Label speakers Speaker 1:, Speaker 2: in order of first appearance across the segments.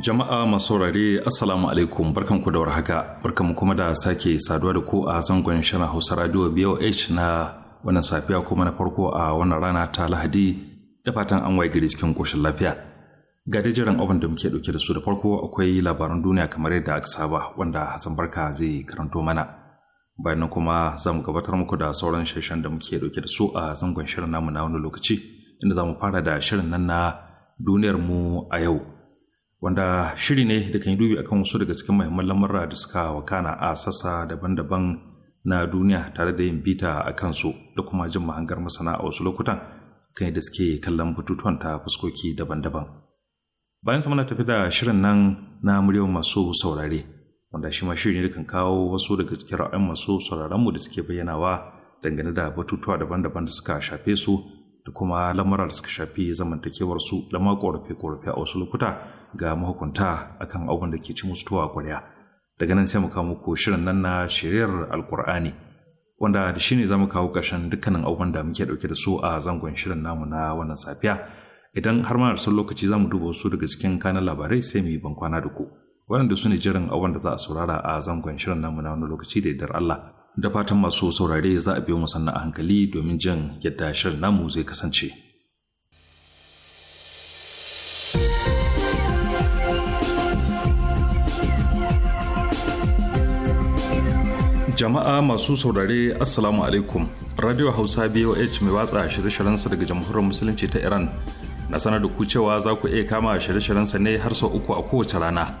Speaker 1: Jama'a masu rare Assalamu alaikum barkanku da warhaka barkanku kuma da sake saduwa da ku a zangon shirin Hausa Radio BOH na wannan safiya kuma na farko a wannan rana ta Lahadi da fatan an waye gari cikin koshin lafiya. Ga jiran abin da muke dauke da su da farko akwai labaran duniya kamar yadda aka saba wanda Hassan Barka zai karanto mana. Bayan kuma za mu gabatar muku da sauran shirshen da muke dauke da su a zangon shirin namu na wani lokaci inda za mu fara da shirin nan na duniyar mu a yau. wanda shiri ne da kan yi dubi akan wasu daga cikin mahimman lamurra da suka wakana a sassa daban-daban na duniya tare da yin bita a kansu da kuma jin mahangar masana a wasu lokutan kan da suke kallon batutuwan ta fuskoki daban-daban. Bayan sama na tafi da shirin nan na muryar masu saurare, wanda shi ma shiri ne da kan kawo wasu daga cikin ra'ayin masu mu da suke bayyanawa dangane da batutuwa daban-daban da suka shafe su da kuma lamarar da suka shafi zamantakewar su da ma korafe-korafe a wasu lokuta ga mahukunta akan abin da ke ci musu tuwa kwarya daga nan sai mu kawo muku shirin nan na shirin alkur'ani wanda da shine za mu kawo ƙarshen dukkanin abubuwan da muke ɗauke da su a zangon shirin namu na wannan safiya idan har ma da son lokaci za mu duba wasu daga cikin kanan labarai sai mu yi ban kwana da ku waɗanda su ne jiran abubuwan da za a saurara a zangon shirin namu na wani lokaci da idar Allah da fatan masu saurare za a biyo mu sannan a hankali domin jin yadda shirin namu zai kasance. Jama'a masu saurare Assalamu alaikum Radio Hausa BOH mai watsa shirye-shiryensa daga Jamhuriyar Musulunci ta Iran na sanar da ku cewa za ku iya kama shirye sa ne har sau uku a kowace rana.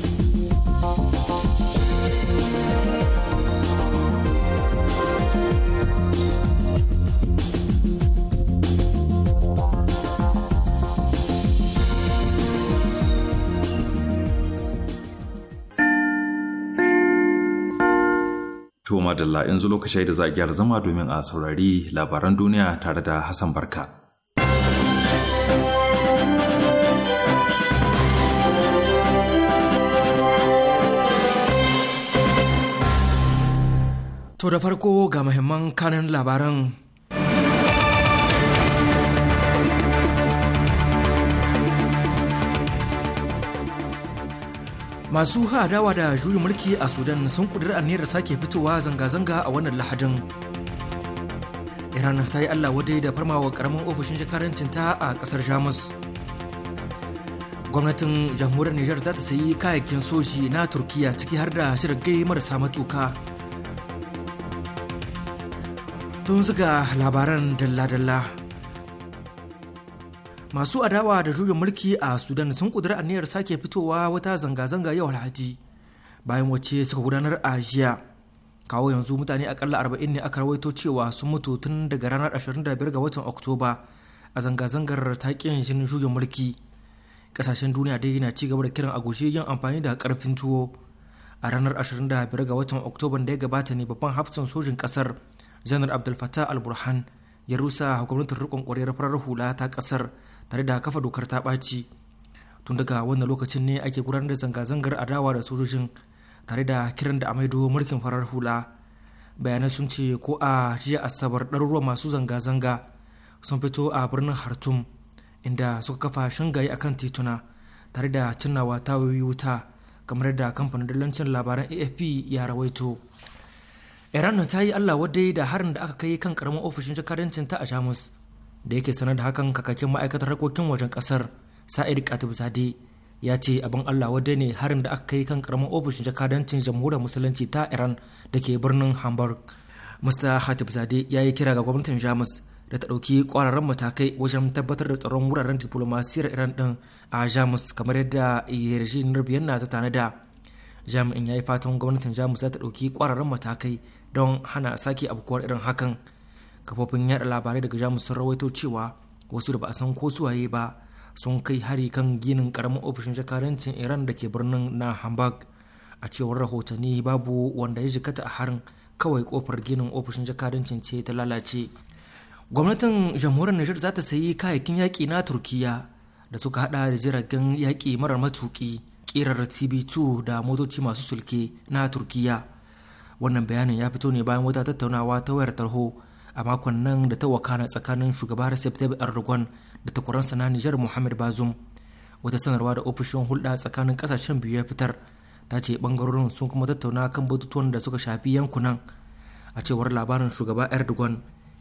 Speaker 1: madalla yanzu lokaci da za a gyara zama domin a saurari labaran duniya tare da Hassan Barka.
Speaker 2: To da farko ga muhimman kanin labaran masu hadawa da juyin mulki a sudan sun kudurar aniyar sake fitowa zanga-zanga a wannan lahadin iran ta yi allah wadai da farmawa karamin ofishin jakarancin ta a ƙasar jamus gwamnatin jamhuriyar nijar za ta sayi kayayyakin soji na turkiya ciki har da shirgai marasa matuka tun zuga labaran dalla-dalla masu adawa da juyin mulki a sudan sun kudura aniyar sake fitowa wata zanga-zanga yau lahadi bayan wace suka gudanar a jiya kawo yanzu mutane akalla arba'in ne aka rawaito cewa sun mutu tun daga ranar 25 ga watan oktoba a zanga-zangar taƙin shirin juyin mulki ƙasashen duniya dai na ci gaba da kiran agushi yin amfani da karfin tuwo a ranar 25 ga watan oktoba da ya gabata ne babban hafsan sojin kasar janar abdulfatah al-burhan ya rusa gwamnatin rikon kwarar farar hula ta kasar tare da kafa dokar ta ɓaci tun daga wannan lokacin ne ake gudanar da zanga-zangar adawa da sojojin tare da kiran da amaido mulkin farar hula bayanai sun ce ko a jiya asabar ɗaruruwa masu zanga-zanga sun fito a birnin hartum inda suka kafa shingaye kan tituna tare da cinnawa ta wuta kamar da kamfanin dalilancin labaran afp ya rawaito iran ta yi allah wadai da harin da aka kai kan karamin ofishin jakadancin ta a jamus da yake sanar da hakan kakakin ma'aikatar harkokin wajen kasar sa'id katib zade ya ce abin allah wadda ne harin da aka kai kan karamin ofishin jakadancin jamhuriyar musulunci ta iran da ke birnin hamburg mr katib zade ya yi kira ga gwamnatin jamus da ta ɗauki ƙwararren matakai wajen tabbatar da tsaron wuraren diplomasiyar iran din a jamus kamar yadda yarjejeniyar na ta tanada jami'in ya yi fatan gwamnatin jamus za ta ɗauki ƙwararren matakai don hana sake abukuwar irin hakan kafofin yada labarai daga jamus sun rawaito cewa wasu da ba a san ko suwaye ba sun kai hari kan ginin karamin ofishin jakarancin iran da ke birnin na hamburg a cewar rahotanni babu wanda ya jikata a harin kawai kofar ginin ofishin jakarancin ce ta lalace gwamnatin jamhuriyar niger za ta sayi kayayyakin yaƙi na turkiya da suka hada da jiragen yaƙi marar matuƙi kirar tb2 da motoci masu sulke na turkiya wannan bayanin ya fito ne bayan wata tattaunawa ta wayar tarho a makon nan da ta wakana tsakanin shugaba Recep Tayyip Erdogan da takwaransa na Nijar Muhammad bazum wata sanarwa da ofishin hulɗa tsakanin ƙasashen biyu ya fitar ta ce ɓangarorin sun kuma tattauna kan batutuwan da suka shafi yankunan a cewar labarin shugaba Erdogan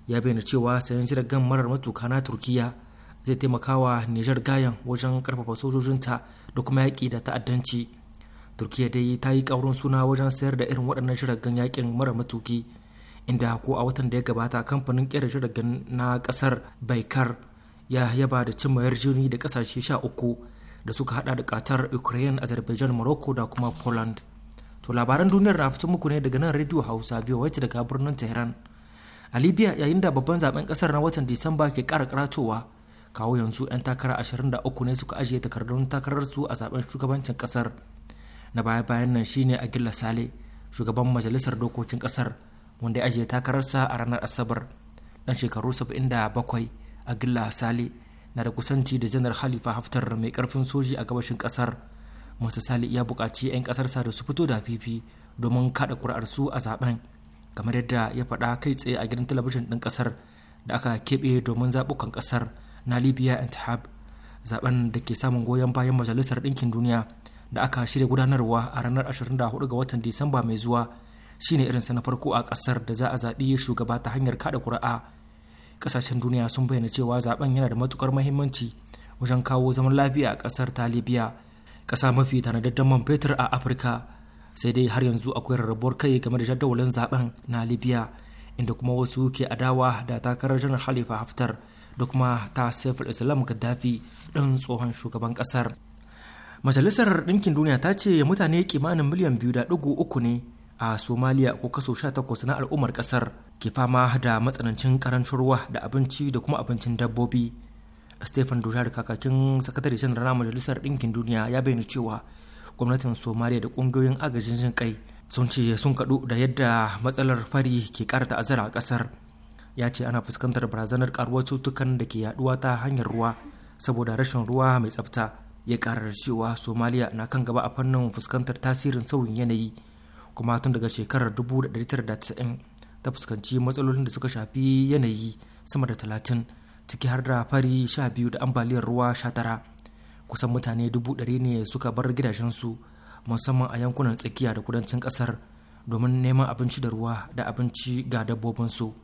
Speaker 2: ya bayyana cewa sayan jiragen marar matuka na Turkiya zai taimakawa Nijar gayan wajen karfafa sojojinta da kuma yaƙi da ta'addanci. Turkiya dai ta yi ƙaurin suna wajen sayar da irin waɗannan jiragen yaƙin marar matuki. inda ko a watan da ya gabata kamfanin kera jiragen na kasar baikar ya yaba da cimma jini da kasashe sha uku da suka hada da katar ukraine azerbaijan morocco da kuma poland to labaran duniyar na fito muku ne daga nan radio hausa biyu wacce daga birnin tehran a libya yayin da babban zaben kasar na watan disamba ke kara karatowa kawo yanzu 'yan takara ashirin da uku ne suka ajiye takardun takararsu a zaben shugabancin kasar na baya bayan nan shine agilla sale shugaban majalisar dokokin kasar wanda ya ajiye takararsa a ranar asabar dan shekaru 77 a gilla sale na da kusanci da janar halifa haftar mai karfin soji a gabashin kasar musa sale ya bukaci 'yan ƙasarsa da su fito da fifi domin kada su a zaben kamar yadda ya faɗa kai tsaye a gidan talabijin ɗin ƙasar da aka keɓe domin zaɓukan ƙasar na libya intihab zaben da ke samun goyon bayan majalisar ɗinkin duniya da aka shirya gudanarwa a ranar 24 ga watan disamba mai zuwa shine irinsa na farko a kasar da za a zaɓi shugaba ta hanyar kada kuri'a ƙasashen duniya sun bayyana cewa zaben yana da matukar mahimmanci wajen kawo zaman lafiya a ƙasar ta libya ƙasa mafi tanadaddan man fetur a afirka sai dai har yanzu akwai rarrabuwar kai game da jadawalin zaben na libya inda kuma wasu ke adawa da takarar janar halifa haftar da kuma ta saifar islam gaddafi ɗan tsohon shugaban ƙasar. majalisar ɗinkin duniya ta ce mutane kimanin miliyan biyu da ɗigo uku ne a somaliya ko kaso 18 na al'ummar kasar ke fama da matsanancin karancin ruwa da abinci da kuma abincin dabbobi stephen dujar kakakin sakatare janar na majalisar ɗinkin duniya ya bayyana cewa gwamnatin somaliya da ƙungiyoyin agajin jin kai sun ce sun kaɗu da yadda matsalar fari ke ƙara ta'azzara a ƙasar ya ce ana fuskantar barazanar karuwar cutukan da ke yaduwa ta hanyar ruwa saboda rashin ruwa mai tsafta ya karar cewa somaliya na kan gaba a fannin fuskantar tasirin sauyin yanayi kuma tun daga shekarar 1990 ta fuskanci matsalolin da suka shafi yanayi sama da talatin ciki har da fari sha biyu da ambaliyar ruwa sha tara kusan mutane dubu ne suka bar gidajensu musamman a yankunan tsakiya da kudancin kasar domin neman abinci da ruwa da abinci ga dabbobinsu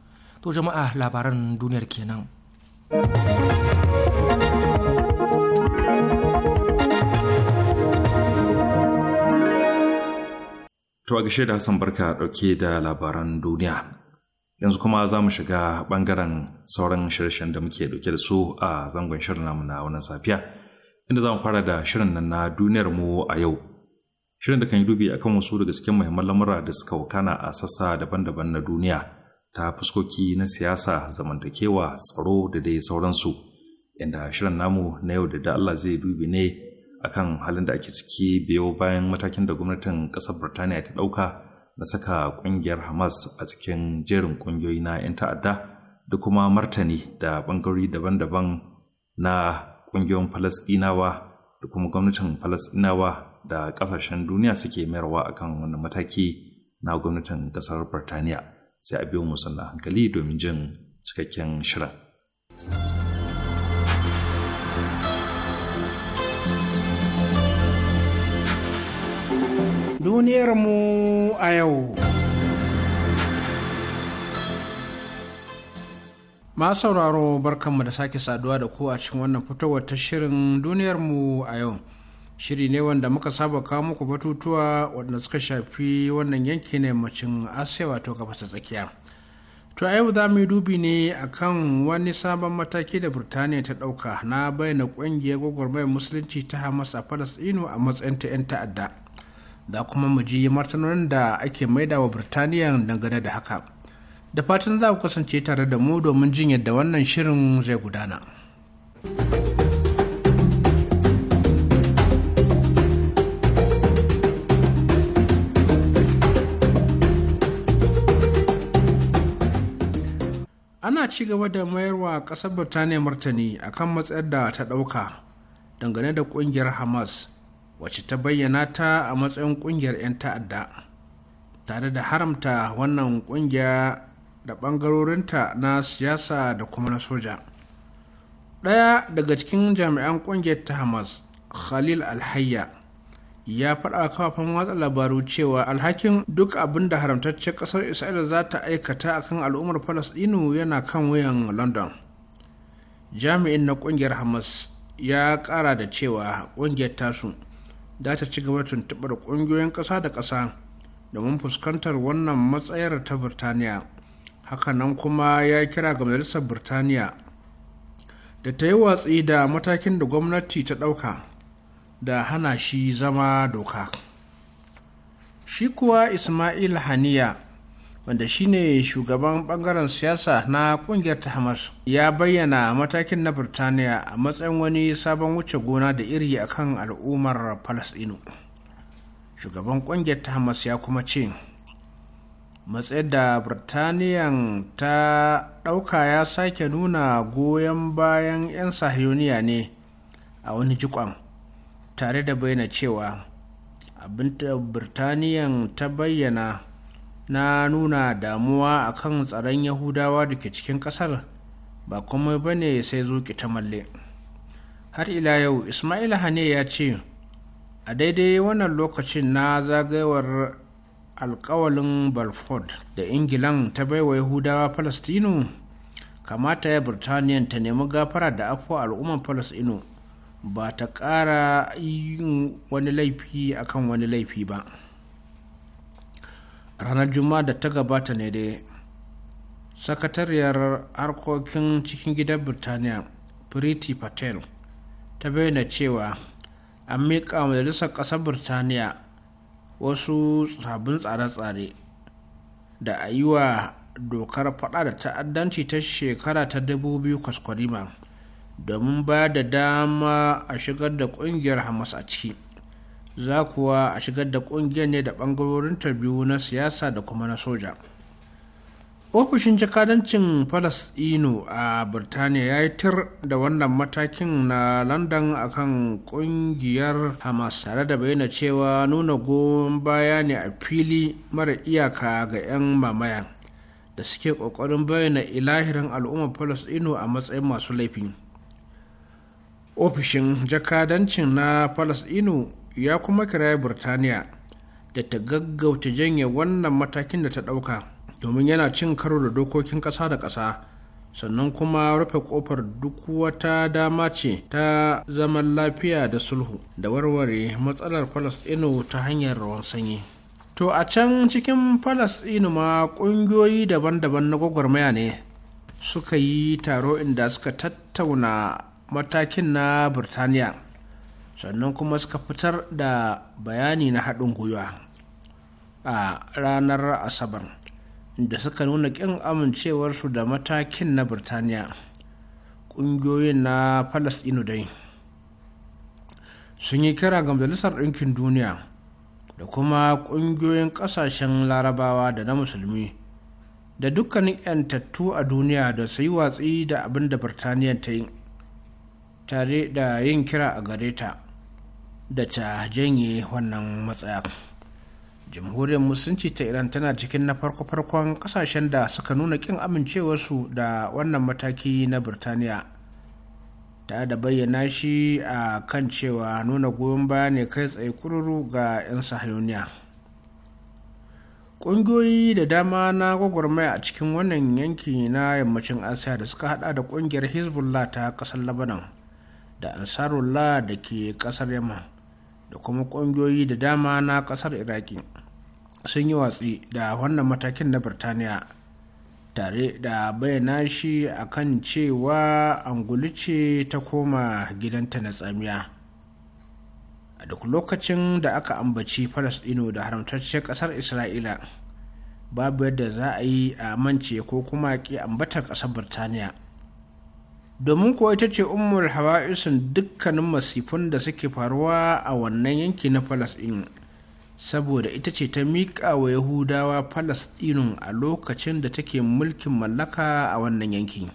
Speaker 2: to jama'a labaran duniyar kenan To a gashe
Speaker 1: da Hassan Barka ɗauke da labaran duniya. Yanzu kuma za mu shiga ɓangaren sauran shirye da muke ɗauke da su a zangon shirin namu na wannan safiya. Inda za mu fara da shirin nan na duniyar mu a yau. Shirin da kan yi dubi akan wasu daga cikin muhimman lamura da suka wakana a sassa daban-daban na duniya ta fuskoki na siyasa, zamantakewa, tsaro da dai sauransu. Inda shirin namu na yau da da Allah zai dubi ne akan halin da ake ciki biyo bayan matakin da gwamnatin ƙasar burtaniya ta ɗauka na saka ƙungiyar Hamas a cikin jerin ƙungiyoyi na 'yan ta'adda da kuma martani da ɓangarori daban-daban na ƙungiyoyin Falasɗinawa da kuma gwamnatin Falasɗinawa da ƙasashen duniya suke mayarwa akan wannan mataki na gwamnatin ƙasar burtaniya sai a biyo musu hankali domin jin cikakken shirin. duniyarmu
Speaker 3: a yau. Ma sauraro barkanmu da sake saduwa da ku a cikin wannan fitowar ta shirin duniyarmu a yau. Shiri ne wanda muka saba kawo muku batutuwa wadanda suka shafi wannan yanki ne macin Asiya wato gabas ta tsakiya. To a yau za mu yi dubi ne akan wani sabon mataki da Birtaniya ta ɗauka na bayyana ƙungiyar gwagwarmayar musulunci ta Hamas a Falasɗinu a matsayin ta 'yan ta'adda. da kuma mu ji martanonin da ake maida wa birtaniya dangane da haka da fatan za ku kasance tare da mu domin jin yadda wannan shirin zai gudana ana ci gaba da mayarwa ƙasar birtaniya martani akan matsayar da ta ɗauka dangane da ƙungiyar hamas wacce ta bayyana ta a matsayin kungiyar 'yan ta'adda tare da haramta wannan kungiya da bangarorinta na siyasa da kuma na soja ɗaya daga cikin jami'an kungiyar ta hamas khalil alhayya ya faɗa a kafafen watsa labaru cewa alhakin duk abin da haramtaccen ƙasar isra'ila za ta aikata a kan al'ummar falasɗinu yana kan wuyan london jami'in na ƙungiyar hamas ya ƙara da cewa ƙungiyar tasu da ta ci gaba tuntuɓar ƙungiyoyin ƙasa da ƙasa domin fuskantar wannan matsayar ta birtaniya hakanan kuma ya kira ga majalisar birtaniya da ta yi watsi da matakin da gwamnati ta ɗauka da hana shi zama doka shi kuwa ismail haniya wanda shine shugaban bangaren siyasa na kungiyar ta hamas ya bayyana matakin na birtaniya a matsayin wani sabon wuce gona da iri akan al'ummar falasɗinu shugaban kungiyar ta hamas ya kuma ce matsayin da birtaniya ta ɗauka ya sake nuna goyon bayan 'yan sahiyoniya ne a wani jikon tare da bayyana cewa abin da birtaniyan ta bayyana na nuna damuwa a kan tsaron yahudawa da ke cikin ƙasar ba komai ba ne sai zo ta malle har ila yau ismail hane ya ce a daidai wannan lokacin na zagayewar alkawalin Balfour da ingilan ta baiwa yahudawa palestino kamata ya birtaniya ta nemi gafara da afuwa al'ummar falastinu ba ta ƙara yin wani laifi akan wani laifi ba ranar juma'a da ta gabata ne dai sakatariyar harkokin cikin gidan birtaniya priti patel ta bayyana cewa an miƙa majalisar ƙasar birtaniya wasu sabbin tsare-tsare da a yi wa dokar faɗa da ta'addanci ta shekara ta 2000 kwaskwarima domin ba da dama a shigar da ƙungiyar hamas a ciki za kuwa a shigar da ƙungiyar ne da ɓangarorin tarbiyu na siyasa da kuma na soja ofishin jakadancin falasɗinu a birtaniya ya yi tir da wannan matakin na london akan ƙungiyar hamas tare da bayyana cewa nuna goyon baya ne a fili mara iyaka ga 'yan mamaya da suke ƙoƙarin bayyana ilahirin al'ummar falasino a matsayin masu laifin ofishin jakadancin na falasino ya kuma kiraya Birtaniya da ta gaggauta janye wannan matakin da ta ɗauka domin yana cin karo da dokokin ƙasa da ƙasa sannan kuma rufe ƙofar duk wata dama ce ta zaman lafiya da sulhu da warware matsalar falasɗinu ta hanyar rawan sanyi to a can cikin falasɗinu ma ƙungiyoyi daban-daban na gwagwarmaya ne suka yi taro inda suka tattauna matakin na Birtaniya. sannan kuma suka fitar da bayani na haɗin gwiwa a ranar asabar da suka nuna ƙin amincewarsu da matakin na birtaniya ƙungiyoyin na falasɗinu dai sun yi kira ga majalisar ɗinkin duniya da kuma ƙungiyoyin ƙasashen larabawa da na musulmi da dukkanin 'yantattu a duniya da su yi watsi da abin da birtaniya ta yi tare da yin kira a gare ta da ta janye wannan matsaya jamhuriyar musulunci ta iran tana cikin na farko-farkon kasashen da suka nuna kin amincewarsu da wannan mataki na birtaniya ta da bayyana shi a kan cewa nuna goyon baya ne kai tsaye kururu ga 'yan sahayoniya ƙungiyoyi da dama na gwagwarmaya a cikin wannan yanki na yammacin asiya da suka hada da ƙungiyar hezbollah ta ƙasar labanan da ansarullah da ke ƙasar yamma da kuma ƙungiyoyi da dama na ƙasar iraki sun yi watsi da wannan matakin na birtaniya tare da bayyana shi a kan cewa angulu ce ta koma gidanta na tsamiya a duk lokacin da aka ambaci falasɗino da haramtacciyar ƙasar isra'ila babu yadda za a yi a mance ko kuma ki ambatar ƙasar birtaniya domin kuwa ita ce umar hawa'isun dukkanin masifun da suke faruwa a wannan yanki na falasɗin saboda ita ce ta miƙa wa yahudawa falasɗinun a lokacin da take mulkin mallaka a wannan yanki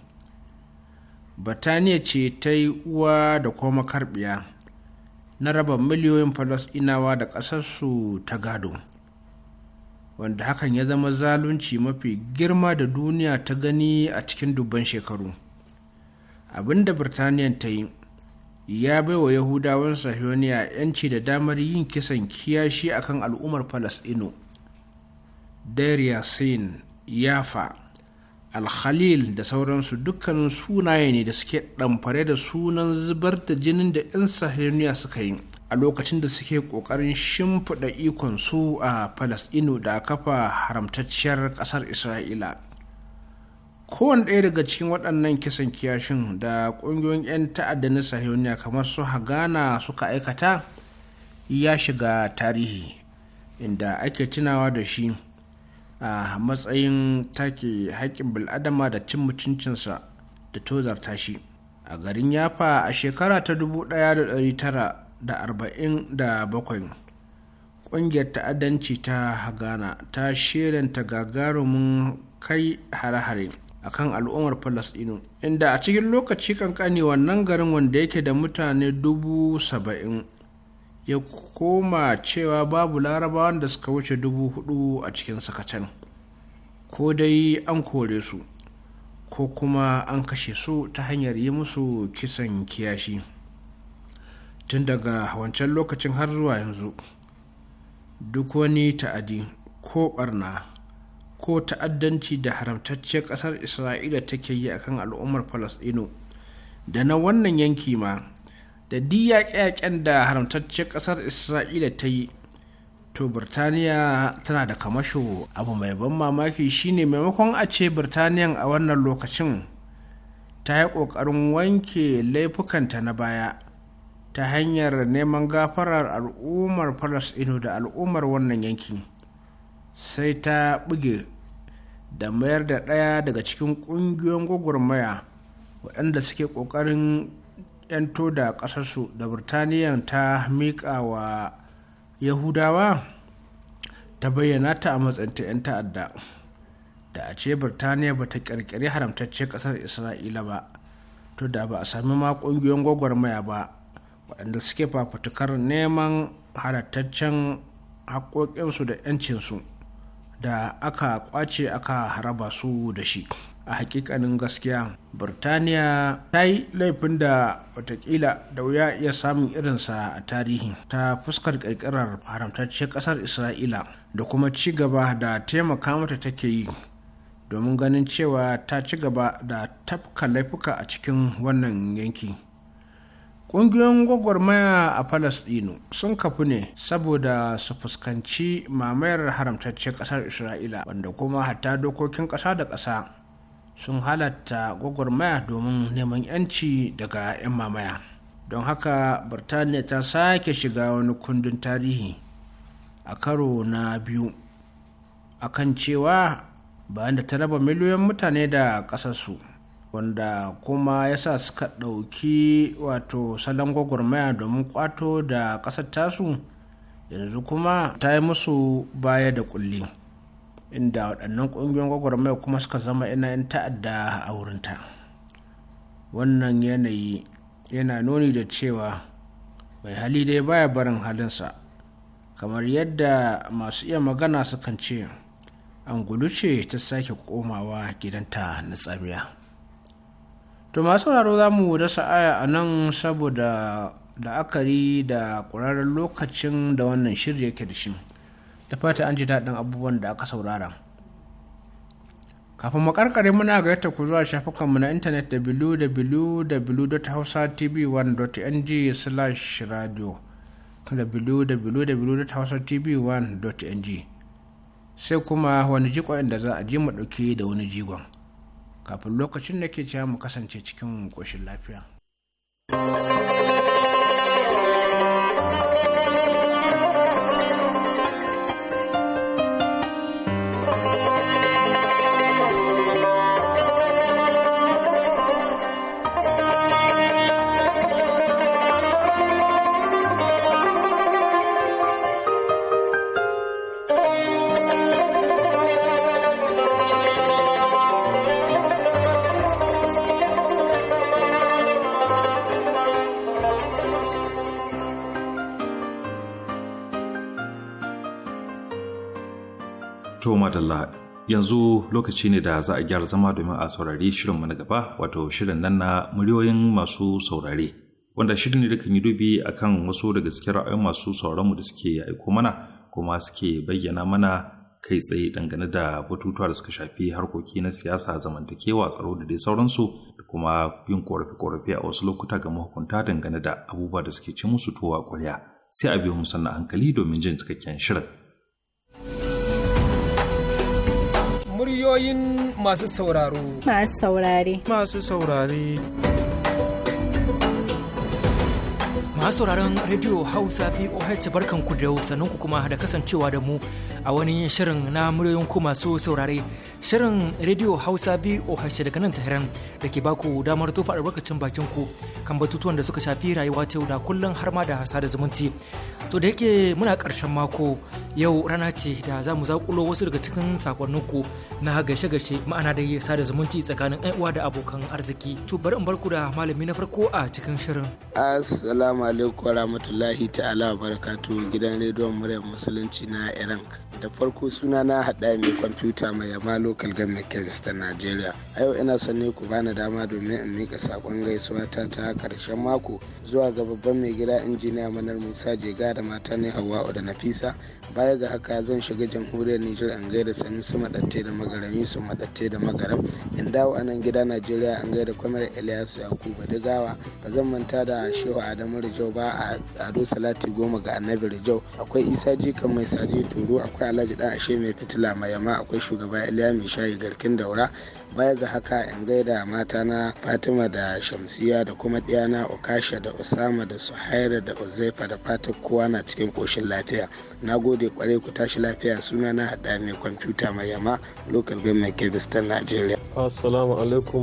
Speaker 3: bataniya ce ta yi uwa da kuma karbiya na raba miliyoyin falasɗinawa da ƙasarsu ta gado wanda hakan ya zama zalunci mafi girma da duniya ta gani a cikin dubban shekaru Abin da birtaniya ta yi ya bai wa yahudawan sahioniya yanci da damar yin kisan kiyashi a kan al'ummar falasɗinu Dariya Sin yafa alkhalil da sauransu dukkanin sunaye ne da suke ɗamfare da sunan zubar da jinin da 'yan sahioniya suka yi a lokacin da suke ƙoƙarin shimfiɗa ikon su a falasɗinu da kafa haramtacciyar ƙasar isra'ila kowane ɗaya daga cikin waɗannan kisan kiyashin da ƙungiyoyin 'yan ta'adda na sahiyoniya kamar su hagana suka aikata ya shiga tarihi inda ake tunawa da shi a matsayin take haƙƙin bil'adama da cin mutuncinsa da tozarta shi a garin yafa a shekara ta 1947 ƙungiyar ta'addanci ta hagana ta shirinta gagarumin kai hare-hare a kan al'ummar falasɗinu inda a cikin lokaci kankani wannan garin wanda yake da mutane dubu saba'in ya koma cewa babu larabawan da suka wuce dubu hudu a cikin sakatan ko dai an kore su ko kuma an kashe su ta hanyar yi musu kisan kiyashi tun daga wancan lokacin har zuwa yanzu duk wani ta'adi ko barna ko ta'addanci da haramtacciyar ƙasar isra'ila take yi a kan al'ummar falasɗinu da na wannan yanki ma da diyaƙe-yaƙen da haramtacciyar ƙasar isra'ila ta yi to birtaniya tana da kamasho abu mai ban mamaki shine maimakon a ce Birtaniya a wannan lokacin ta yi ƙoƙarin wanke laifukanta na baya ta hanyar neman gafarar al'ummar falasɗinu da al'ummar wannan yanki. sai ta buge da mayar da ɗaya daga cikin ƙungiyoyin gwagwarmaya waɗanda suke ƙoƙarin 'yanto da ƙasarsu da birtaniya ta miƙa wa yahudawa ta bayyana ta a matsayin ta 'yan ta'adda da a ce birtaniya ba ta ƙirƙiri haramtacce ƙasar isra'ila ba to da ba a sami ma ƙungiyoyin gwagwarmaya ba waɗanda suke fafutukar neman halattaccen haƙoƙinsu da 'yancinsu da aka kwace aka haraba su da shi a hakikanin gaskiya birtaniya ta yi laifin da watakila da wuya iya samun irinsa a tarihi ta fuskar kirkirar haramtacciyar kasar isra'ila da kuma ci gaba da taimaka mata take yi domin ganin cewa ta ci gaba da tafka laifuka a cikin wannan yanki ƙungiyoyin gwagwarmaya a falasɗinu sun kafu ne saboda su fuskanci mamayar haramtaccen ƙasar isra'ila wanda kuma hatta dokokin ƙasa da ƙasa sun halatta gwagwarmaya domin neman 'yanci daga 'yan mamaya don haka birtaniya ta sake shiga wani kundin tarihi a karo na biyu a kan cewa bayan da ta raba miliyoyin mutane da ƙasarsu wanda kuma ya sa suka ɗauki wato salon gwagwarmaya domin kwato da ƙasar tasu yanzu kuma ta yi musu baya da kulli inda waɗannan ƙungiyoyin gwagwarmaya kuma suka zama ina yin ta'adda a wurinta wannan yanayi yana nuni da cewa mai hali dai baya barin halinsa kamar yadda masu iya magana sukan ce angulu ce ta sake komawa gidanta na tsamiya. to masu sauraro za mu dasa aya a nan saboda da la'akari da ƙwararren lokacin da wannan shirya yake da shi da fata an ji daɗin abubuwan da aka saurara kafin makarkare muna gayyata ku zuwa shafukanmu na intanet www.hausatv1.ng slash radio www.hausatv1.ng sai kuma wani jikon da za a ji mu ɗauke da wani jigon kafin lokacin da ke cewa mu kasance cikin ƙoshin lafiya.
Speaker 1: madalla yanzu lokaci ne da za a gyara zama domin a saurari shirinmu na gaba wato shirin nan na muryoyin masu saurare wanda shirin ne da kan yi dubi a kan wasu daga cikin ra'ayoyin masu sauranmu da suke aiko mana kuma suke bayyana mana kai tsaye dangane da batutuwa da suka shafi harkoki na siyasa zamantakewa tsaro da dai sauransu da kuma yin korafe-korafe a wasu lokuta ga mahukunta dangane da abubuwa da suke ci musu towa ƙwarya sai a biyo musanna hankali domin jin cikakken shirin.
Speaker 2: ra'ayoyin masu sauraro.
Speaker 4: Masu saurare. Masu
Speaker 2: saurare. Masu sauraron Radio Hausa POH barkanku da sannan ku kuma da kasancewa da mu a wani shirin na muryoyin ku masu saurare shirin rediyo hausa voh daga nan tahiran da ke baku damar tofa albarkacin bakin ku kan batutuwan da suka shafi rayuwa ta yau da kullum har ma da hasa da zumunci to da yake muna karshen mako yau rana ce da za mu zakulo wasu daga cikin sakonnin ku na gashe-gashe ma'ana da sada zumunci tsakanin uwa da abokan arziki to bari in barku da malami na farko a cikin shirin
Speaker 5: assalamu alaikum warahmatullahi ta'ala barakatu gidan rediyon muryar musulunci na iran da farko suna na haɗa ne kwamfuta mai yamma local government kings ta nigeria a yau ina son ne ku bani dama domin in mika sakon gaisuwa ta ta ƙarshen mako zuwa ga babban mai gida injiniya manar musa jega da mata ne hawa'u da nafisa baya ga haka zan shiga jamhuriyar niger in gaida su madatte da magaram su madatte da magaram in dawo anan gida nigeria in gaida kwamar eliyasu yakubu digawa ba zan manta da shehu adamu rijau ba a ado salati goma ga annabi rijau akwai isa jikan mai saje turu akwai akwai alhaji da ashe mai fitila mai yamma akwai shugaba iliya mai shayi garkin daura baya ga haka in gaida matana fatima da shamsiya da kuma ɗiyana okasha da usama da suhaira da uzaifa da fatan kowa na cikin koshin lafiya na gode kwarai ku tashi lafiya suna na haɗa mai kwamfuta mai yama local government kebistan nigeria
Speaker 6: assalamu alaikum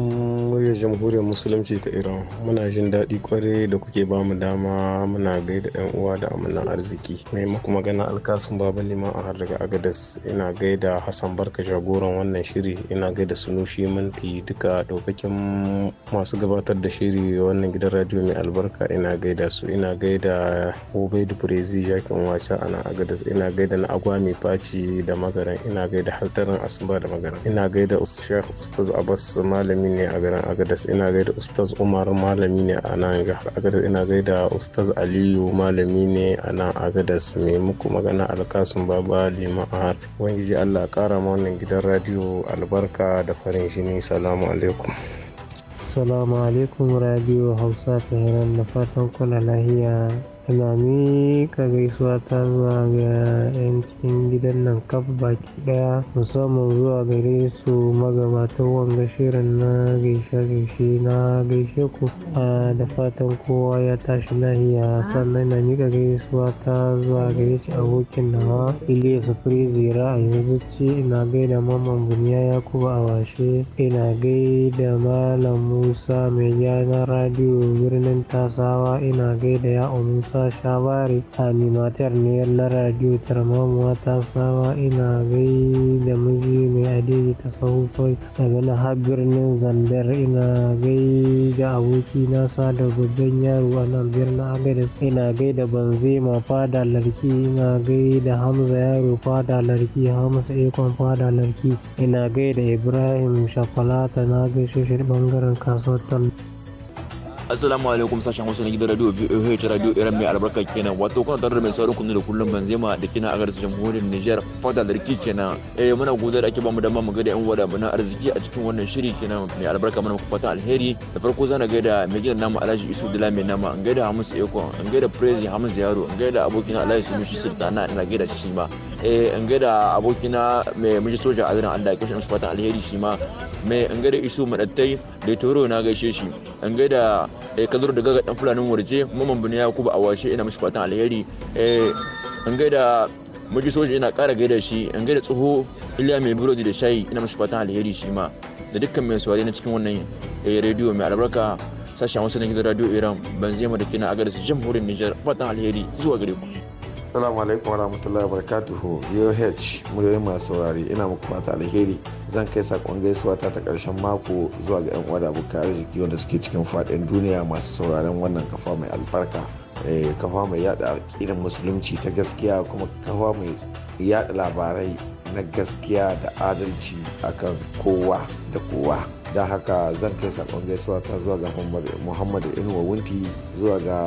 Speaker 6: muryar jamhuriyar musulunci ta iran muna jin daɗi kwarai da kuke ba mu dama muna gaida yan uwa da amanan arziki mai maku magana alkasun baba liman a har daga agadas ina gaida hassan barka jagoran wannan shiri ina gaida sunushi shi mulki duka ɗaukakin masu gabatar da shiri wannan gidan radio mai albarka ina gaida su ina gaida da prezi yakin wace ana agadas ina gaida na agwa mai faci da magaran ina gaida hantarin asuba da magaran ina gaida shekh ustaz abbas malami ne a garin agadas ina gaida ustaz umar malami ne a nan jihar agadas ina gaida ustaz aliyu malami ne a nan agadas mai muku magana alkasun baba liman wani ubangiji allah kara ma wannan gidan radio albarka da farin shi ne salamu alaikum
Speaker 7: Assalamu alaikum radio Hausa ta hirar da fatan kula lahiya tunani ka gaisuwa ta zuwa ga 'yan cikin gidan nan kaf baki daya musamman zuwa gare su magabatan wanga shirin na gaishe-gaishe na gaishe ku da fatan kowa ya tashi lahiya sannan na miƙa gaisuwa ta zuwa gare shi abokin nawa Iliya Sufuri Zira a yanzu ce ina gai da Mamman Buniya a washe. ina gai da Malam Musa mai gyaran radiyo birnin Tasawa ina gai da ya'o Musa Bari Shabari animatar ne na Radio Tarmamuwa ta sawa ina gai da miji mai adini ta sahufai daga na har birnin Zandar ina gai da aboki na sada babban yaro a nan birnin Agadez ina gai da ma fada larki ina gai da Hamza yaro fada larki Hamza Ekon fada larki ina gai da Ibrahim Shakwalata na gaishe shi bangaren kasuwar
Speaker 8: assalamu alaikum sashen wasu na gidan radio voh radio iran mai albarka kenan wato kuna tare da mai saurin kunu da kullum banzema da kina a garin jamhuriyar niger fata da riki kenan eh muna godiya da ake bamu dama mu gaida yan wada da muna arziki a cikin wannan shiri kenan mai albarka mana fatan alheri da farko zan gaida mai gidan namu alhaji isu dila mai nama an gaida hamisu eko an gaida prezi hamisu yaro an gaida abokina alhaji sunushi sultana ina gaida shi shi ma eh an gaida abokina mai miji soja a zirin allah ya kashe fatan alheri shi ma mai an gaida isu madattai da toro na gaishe shi an gaida Eh, ka zuru da dan fulanin warje mamman bin yakubu a washe ina mishi fatan alheri an eh, gaida muji soji ina kara gaida shi in gaida tsoho iliya mai burodi da shayi ina mishi fatan alheri shi ma da dukkan mai saurari na cikin wannan eh, rediyo mai albarka sashen wasu na gidan radio iran ban da kina a gadar jamhuriyar nijar fatan alheri zuwa gare ku Assalamu alaikum warahmatullahi wabarakatuhu VOH muryoyin masu saurari ina muku fata alheri zan kai sakon gaisuwa ta ta karshen mako zuwa ga yan uwa da abokan arziki wanda suke cikin fadin duniya masu sauraron wannan kafa mai albarka eh, kafa mai yada aƙidar musulunci ta gaskiya kuma kafa mai yada labarai na gaskiya da adalci akan kowa da kowa da haka zan kai sakon gaisuwa ta zuwa ga muhammad inuwa wunti zuwa ga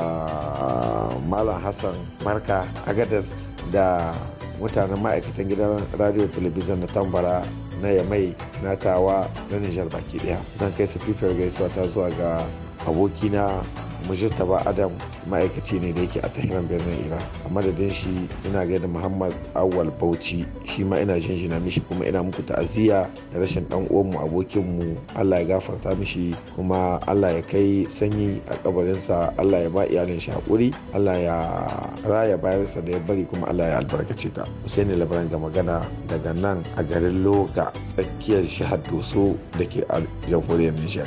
Speaker 8: malam hassan marka agadas da mutanen ma'aikatan gidan radio talabijin na tambara na yamai na tawa na nijar baki daya zan kai safifiyar gaisuwa ta zuwa ga abokina ba adam ma'aikaci ne da yake a tahiran birnin iran a madadin shi ina gaida muhammad awal bauchi shi ma ina na mishi kuma ina muku ta'aziyya da rashin dan abokin mu allah ya gafarta mishi kuma allah ya kai sanyi a kabarinsa allah ya ba iyalin shi hakuri allah ya raya bayansa da ya bari kuma allah ya albarkace ta husaini labaran ga magana daga nan a garin loga tsakiyar shahar doso da ke a jamhuriyar nijar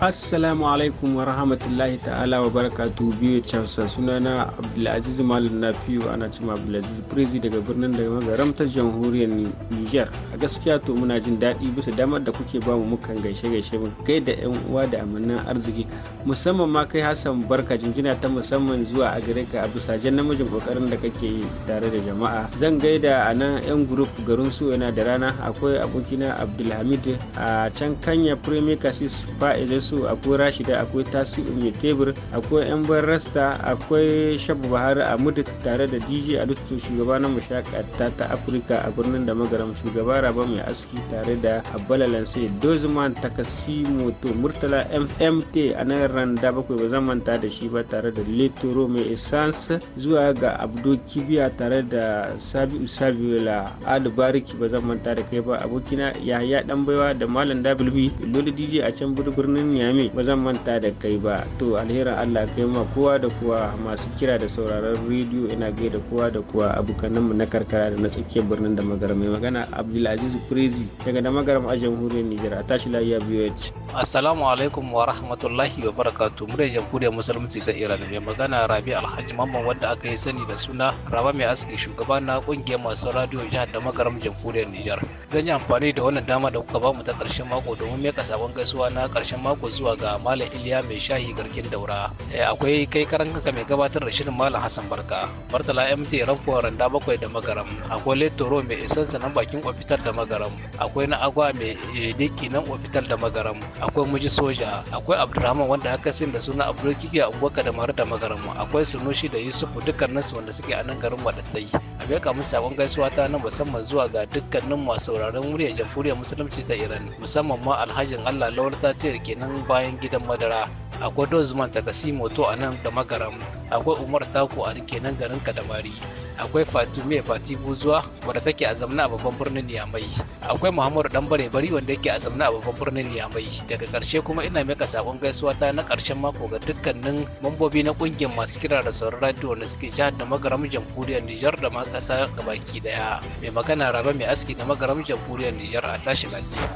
Speaker 6: assalamu alaikum wa rahmatullahi ta'ala wa barakatu biyu chausa sunana abdulaziz malam fiyo ana cin abdulaziz prezi daga birnin daga magaram jamhuriyar niger a gaskiya to muna jin daɗi bisa damar da kuke bamu mukan gaishe gaishe mu kai da yan uwa da amannan arziki musamman ma kai hassan barka jinjina ta musamman zuwa a gare ka a bisa jan namijin kokarin da kake yi tare da jama'a zan gaida a nan yan gurup garin su yana da rana akwai abokina abdulhamid a can kanya premier kasis fa'ilis isu akwai rashida akwai tasu mai tebur akwai yan rasta akwai shabu bahari a mudu tare da dj alusto shugaba na mashakata ta afirka a birnin da magaram shugaba raba mai aski tare da abbala lansai dozman takasi moto murtala mmt a nan randa bakwai ba zan manta da shi ba tare da letoro mai essence zuwa ga abdo kibiya tare da sabiu usabiola adubariki ba zan manta da kai ba abokina yahaya dan baiwa da malam dabilbi lola dj a can birnin Nyami ba zan manta da kai ba to alherin Allah kai ma kowa da kowa masu kira da sauraron rediyo ina gai da kowa da kowa abokanan mu na karkara da na tsakiyar birnin da magaramai magana Abdulaziz Kurezi daga da magaram a jamhuriyar Nijar a tashi lafiya biyu
Speaker 9: Assalamu alaikum wa rahmatullahi wa barakatu muryar jamhuriyar musulunci ta Iran mai magana Rabi Alhaji Mamman wanda aka yi sani da suna Raba mai aski shugaba na kungiyar masu radio jihar da magaram jamhuriyar Nijar. Zan yi amfani da wannan dama da kuka bamu ta karshen mako domin mai sabon gaisuwa na karshen mako zuwa ga Malam Iliya mai shahi garkin daura. Eh, akwai kai karan kanka mai gabatar da shirin Malam Hassan Barka. Martala MT Rafuwa Randa bakwai da magaram. Akwai Letoro mai isansa nan bakin ofitar da magaram. Akwai na Agwa mai eh, Deki nan ofitar da magaram. akwai muji soja akwai Abdulrahman wanda aka sin da suna abdul a unguwarka da mara da magaramu akwai sunushi da yusufu dukkaninsu wanda suke a nan garin madattai a bai musu sakon gaisuwa ta na musamman zuwa ga dukkanin masu sauraron muryar jamhuriyar musulunci ta iran musamman ma alhajin allah lawal ta ce kenan bayan gidan madara akwai dozman daga simoto a nan da magaram akwai umar tako a kenan garin kadamari akwai fatume fati buzuwa wadda take a zamna a babban birnin niyamai akwai muhammadu dan bare bari wanda yake a zamna a babban birnin niyamai daga karshe kuma ina mika sakon gaisuwa ta na karshen mako ga dukkanin mambobi na kungiyar masu kira da sauran radio da suke jihar da magaram jamhuriyar niger da ma kasa gabaki daya mai magana raba mai aski da magaram jamhuriyar nijar a tashi lafiya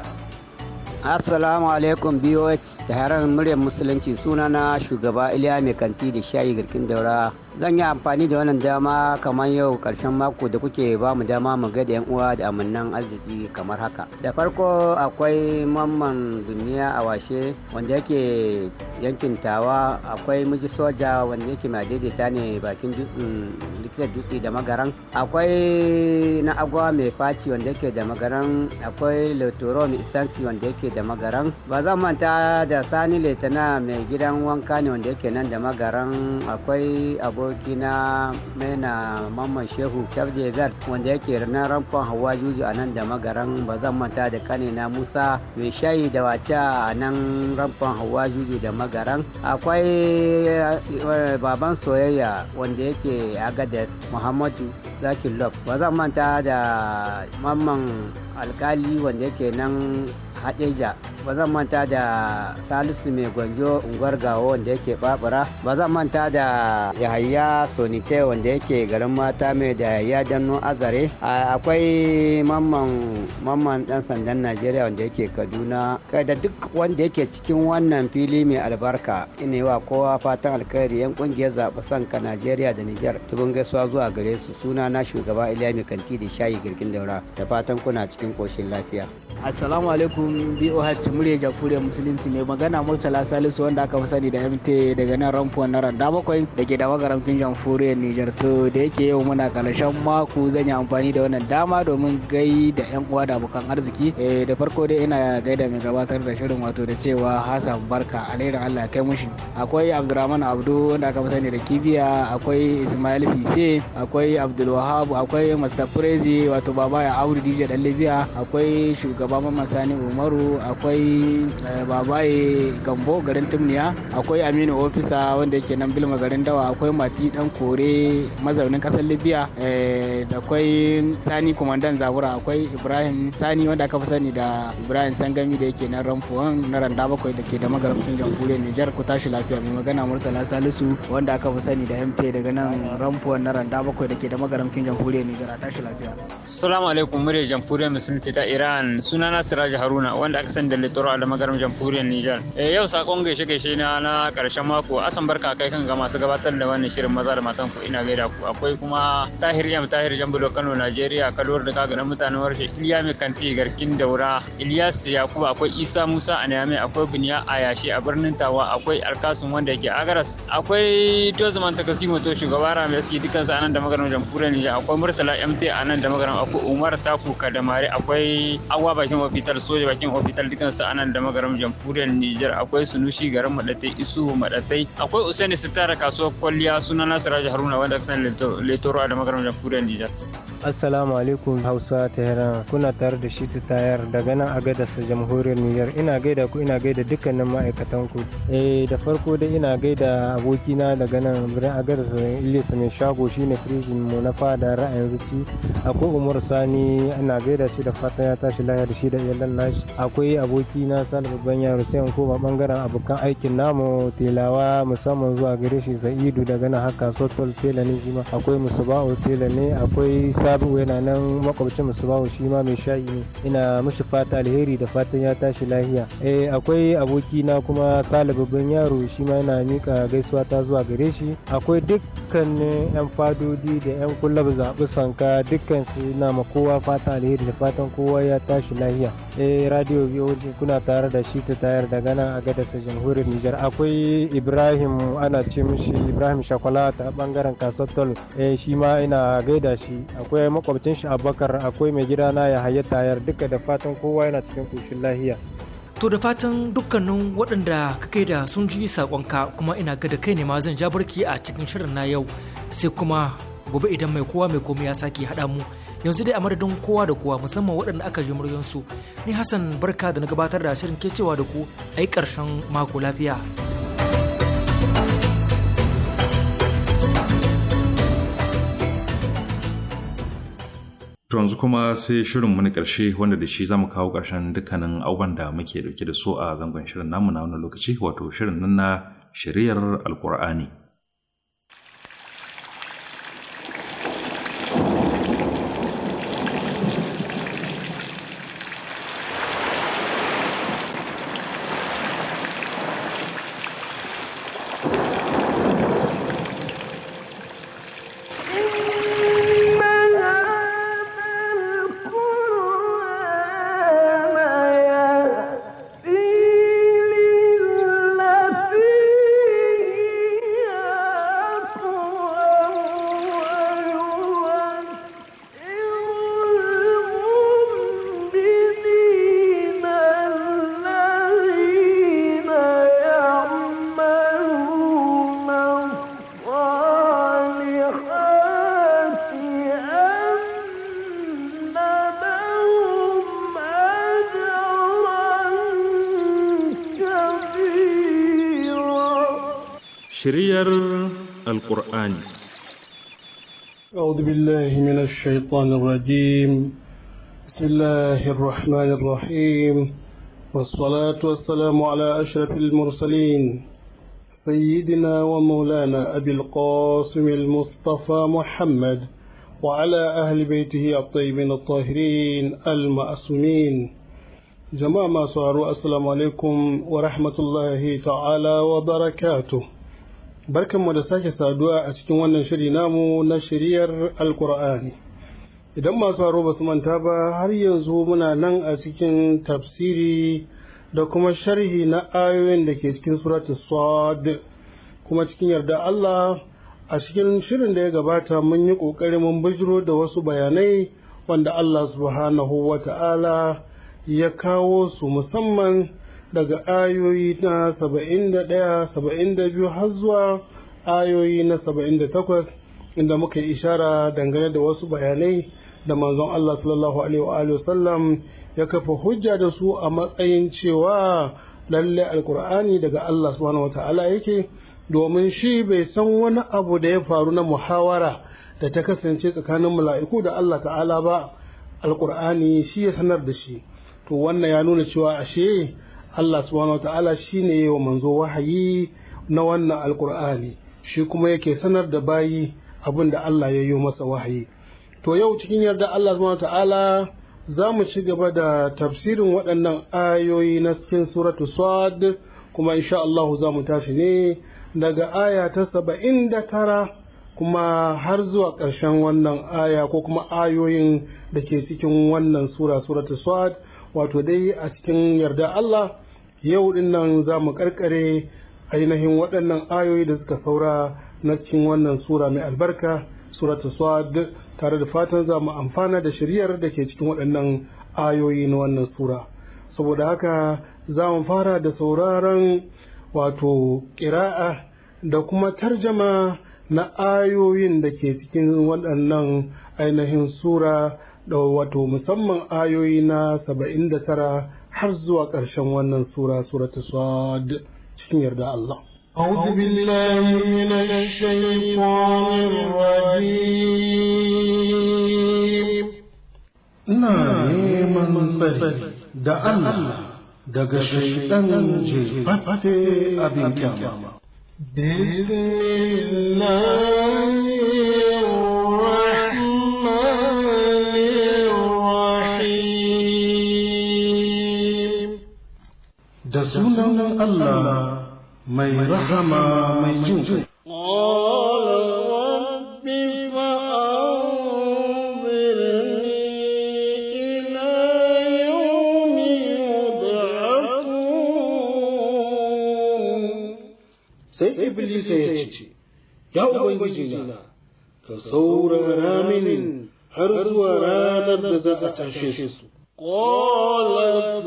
Speaker 10: Assalamu alaikum BOH ta muryar musulunci sunana shugaba Iliya mai kanti da shayi garkin daura zan yi amfani da wannan dama kamar yau karshen mako da kuke ba mu dama mu ga da yan uwa da amannan arziki kamar haka da farko akwai mamman duniya a washe wanda yake yankin tawa akwai miji soja wanda yake mai daidaita ne bakin likitar dutse da magaran akwai na agwa mai faci wanda yake da magaran akwai lautoro mai istanci wanda yake da magaran ba zan manta da sani letana mai gidan wanka ne wanda yake nan da magaran akwai abu abokina maina mamman shehu zar wanda yake ranar ramfon hawa juju a nan da magaran ba zan manta da kanina musa mai shayi da wace a nan ramfon hawa juju da magaran akwai eh, baban soyayya wanda yake agades muhammadu Zakin Lok. ba zan manta da mamman alkali wanda yake nan hadeja ba zan manta da salisu mai gwanjo unguwar gawo wanda yake babura ba zan manta da yahaya sonite wanda yake garin mata mai da yahaya danno azare akwai mamman mamman dan sandan najeriya wanda yake kaduna kai da duk wanda yake cikin wannan fili mai albarka ina wa kowa fatan alkhairi yan kungiyar zaɓi sanka najeriya da nijar tubin gaisuwa zuwa gare su suna na shugaba iliya mai kanti da shayi girgin daura da fatan kuna cikin koshin lafiya
Speaker 11: assalamu alaikum biyo hajji murya jamhuriyar musulunci mai magana Murtala Salisu wanda aka fi sani da MT daga nan ramfuwan na randa bakwai da ke da magaramfin jamfuriyar Nijar to da yake yau muna karshen mako zan yi amfani da wannan dama domin gai da yan uwa da abokan arziki eh, da farko dai ina gaida mai gabatar da shirin wato da cewa Hassan Barka alherin Allah kai mushi akwai Abdurrahman Abdu wanda aka fi sani da Kibiya akwai Ismail Sise akwai Abdulwahab akwai Mr. Prezi wato Baba ya Audu DJ Dan Libya akwai shugaba Mamman Sani umaru akwai eh, babaye gambo garin tumniya akwai aminu ofisa wanda yake nan bilma garin dawa akwai mati dan kore mazaunin kasar libya eh, da akwai sani kumandan zabura akwai ibrahim sani wanda aka fi sani da ibrahim sangami da yake nan ramfuwan na randa bakwai da ke da magarafin jamhuriyar nijar ku tashi lafiya mai magana murtala salisu wanda aka fi sani da mp daga nan ramfuwan na randa bakwai da ke da magarafin jamhuriyar nijar a tashi lafiya
Speaker 12: salamu alaikum murya jamhuriyar musulunci ta iran sunana siraji haruna haruna wanda aka sani da Littoro a magaram jamhuriyar nijar eh, yau sakon gaishe gaishe na na karshen mako asan barka kai kan ga masu gabatar da wannan shirin maza da matan ku ina gaida ku akwai kuma tahir yam tahir jambulo kano najeriya kaduwar da kaga nan mutanen warshe iliya mai kanti garkin daura ilyas yakuba akwai isa musa a niyame akwai buniya a a birnin tawa akwai alkasun wanda yake agaras akwai tozman takasimo to shugaba ramesi dukansu a nan da magaram jamhuriyar nijar akwai murtala mt a nan da akwai umar taku kadamare akwai awa bakin Wafitar soja bakin ofital dukansu anan da magaram jamhuriyar Nijar akwai Sunushi garin Madatai Isu Madatai akwai Usaini Sitara kasuwar kwalliya suna Nasir Haruna wanda kasan Letoro da magaram jamhuriyar Nijar.
Speaker 4: Assalamu alaikum Hausa Tehran kuna tare da shi tayar daga nan a gadas jamhuriyar Nijar ina gaida ku ina gaida dukkanin ma'aikatan ku eh da farko dai ina gaida abokina daga nan birnin agadas Ilyas mai shago shine prison mu na fada ra'ayin zuci akwai Umar Sani ina gaida shi da fatan ya tashi lafiya da shi da iyalan akwai aboki na Sani babban yaro sai in koma bangaren abokan aikin namu telawa musamman zuwa gare shi Sa'idu daga nan haka Sotol tela ne shi ma akwai Musuba'u tela ne akwai Sabu yana nan makwabcin Musuba'u shi ma mai sha'i ne ina mishi fata alheri da fatan ya tashi lahiya eh akwai aboki na kuma Sale babban yaro shi ma yana mika gaisuwa ta zuwa gare shi akwai dukkanin yan fadodi da yan kullab zaɓi sanka dukkan su na ma kowa fata alheri da fatan kowa ya tashi lahiya eh ce radio voa kuna tare da shi ta tayar da nan a sa jamhuriyar nijar akwai ibrahim ana ce mishi ibrahim shakwala ta bangaren kasatol eh shi ma ina gaida shi akwai makwabcin shi abakar akwai mai gida na ya haye tayar duka da fatan kowa yana cikin koshin lahiya
Speaker 2: to da fatan dukkanin waɗanda ka kai da sun ji saƙonka kuma ina ga da kai ne ma zan ja barki a cikin shirin na yau sai kuma gobe idan mai kowa mai komai ya sake haɗa mu yanzu dai a madadin kowa da kowa musamman waɗanda aka ji muryansu ni hassan barka da na gabatar da shirin cewa da ku a yi ƙarshen mako lafiya
Speaker 1: To yanzu kuma sai shirin na ƙarshe wanda da shi za mu kawo ƙarshen dukkanin abubuwan da muke dauke da su a zangon shirin namu na wani lokaci wato shirin nan na shiriyar alkur'ani. القرآن
Speaker 13: أعوذ بالله من الشيطان الرجيم بسم الله الرحمن الرحيم والصلاة والسلام على أشرف المرسلين سيدنا ومولانا أبي القاسم المصطفى محمد وعلى أهل بيته الطيبين الطاهرين المأسومين جماعة ما السلام عليكم ورحمة الله تعالى وبركاته mu da sake saduwa a cikin wannan shiri namu na shiriyar alkur'ani idan masu haro ba su manta ba har yanzu muna nan a cikin tafsiri da kuma sharhi na ayoyin da ke cikin suratul sad kuma cikin yarda Allah a cikin shirin da ya gabata mun yi ƙoƙari mun bijiro da wasu bayanai wanda Allah subhanahu wa ta'ala ya kawo su musamman daga ayoyi na saba'in saba'in da ɗaya, da biyu har zuwa ayoyi na saba'in da takwas, inda muka yi ishara dangane da wasu bayanai da manzon Allah sallallahu alaihi wa sallam ya kafa hujja da su a matsayin cewa lalle alkur'ani daga Allah subhanahu wa yake domin shi bai san wani abu da ya faru na muhawara da ta kasance tsakanin mala'iku da Allah ta'ala ba alkur'ani shi ya sanar da shi to wannan ya nuna cewa ashe Allah subhanahu shi ne yi wa manzo wahayi na wannan alkur'ani shi kuma yake sanar da bayi abin da Allah ya yi masa wahayi to yau cikin yarda Allah subhanahu ta'ala za mu ci gaba da tafsirin waɗannan ayoyi na cikin suratu sad kuma insha Allah za mu tashi ne daga aya ta saba'in da tara kuma har zuwa ƙarshen wannan aya ko kuma ayoyin da ke cikin wannan sura suratu sad wato dai a cikin yarda Allah yau din nan za mu karkare ainihin waɗannan ayoyi da suka saura na cikin wannan sura mai albarka ta swad tare da fatan za mu amfana da shiryar da ke cikin waɗannan ayoyi na wannan sura saboda haka za mu fara da sauraron wato ƙira'a da kuma tarjama na ayoyin da ke cikin waɗannan ainihin sura da wato musamman ayoyi na saba'in da tara har zuwa ƙarshen wannan سورة suratul sad cikin
Speaker 14: yarda أعوذ بالله من الشيطان الرجيم نعيم من
Speaker 13: بدل دا الله دا شيطان جيبت
Speaker 14: أبي كاما بسم الله
Speaker 13: da sunan Allah mai rahama mai jin Sai Iblis ya ce, Ya Ubangiji na, ka saurara mini har zuwa ranar da za a tashe su.
Speaker 14: Ƙwalar